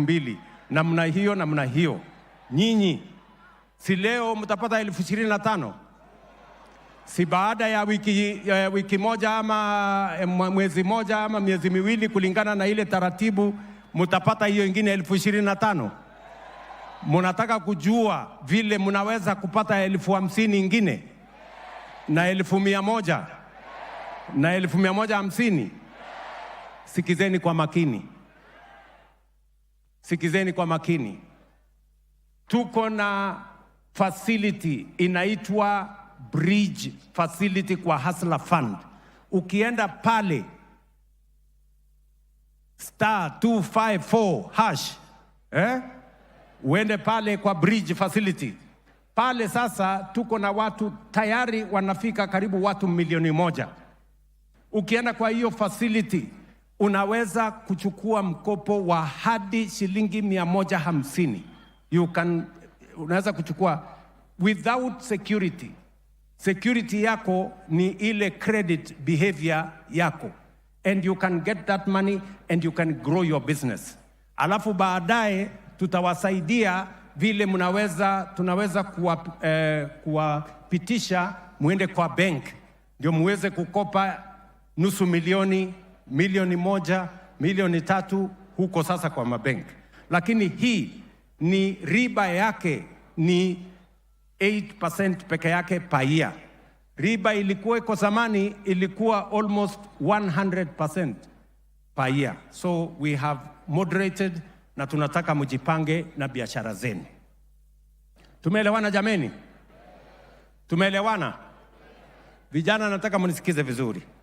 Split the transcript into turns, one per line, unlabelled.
mbili namna hiyo namna hiyo, nyinyi si leo mtapata elfu ishirini na tano si baada ya wiki, ya wiki moja ama eh, mwezi moja ama miezi miwili, kulingana na ile taratibu, mtapata hiyo ingine elfu ishirini na tano. Munataka kujua vile munaweza kupata elfu hamsini ingine na elfu mia moja na elfu mia moja hamsini. Sikizeni kwa makini. Sikizeni kwa makini, tuko na facility inaitwa bridge facility kwa Hustler Fund. Ukienda pale star 254 hash eh, uende pale kwa bridge facility pale. Sasa tuko na watu tayari wanafika karibu watu milioni moja. Ukienda kwa hiyo facility unaweza kuchukua mkopo wa hadi shilingi mia moja hamsini. You can, unaweza kuchukua without security. Security yako ni ile credit behavior yako and you can get that money and you can grow your business. Alafu baadaye tutawasaidia vile mnaweza, tunaweza eh, kuwapitisha eh, kuwa muende kwa bank ndio muweze kukopa nusu milioni milioni moja, milioni tatu huko sasa kwa mabank, lakini hii ni riba yake ni 8% peke yake paia. Riba ilikuwa iko zamani, ilikuwa almost 100% paia, so we have moderated, na tunataka mjipange na biashara zenu. Tumeelewana jameni? Tumeelewana vijana, nataka mnisikize vizuri.